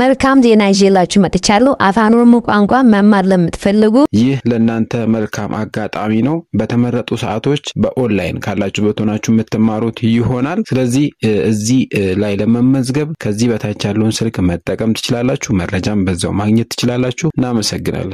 መልካም ዜና ይዤላችሁ መጥቻለሁ። አፋን ኦሮሞ ቋንቋ መማር ለምትፈልጉ ይህ ለእናንተ መልካም አጋጣሚ ነው። በተመረጡ ሰዓቶች በኦንላይን ካላችሁበት ሆናችሁ የምትማሩት ይሆናል። ስለዚህ እዚህ ላይ ለመመዝገብ ከዚህ በታች ያለውን ስልክ መጠቀም ትችላላችሁ። መረጃም በዛው ማግኘት ትችላላችሁ። እናመሰግናለን።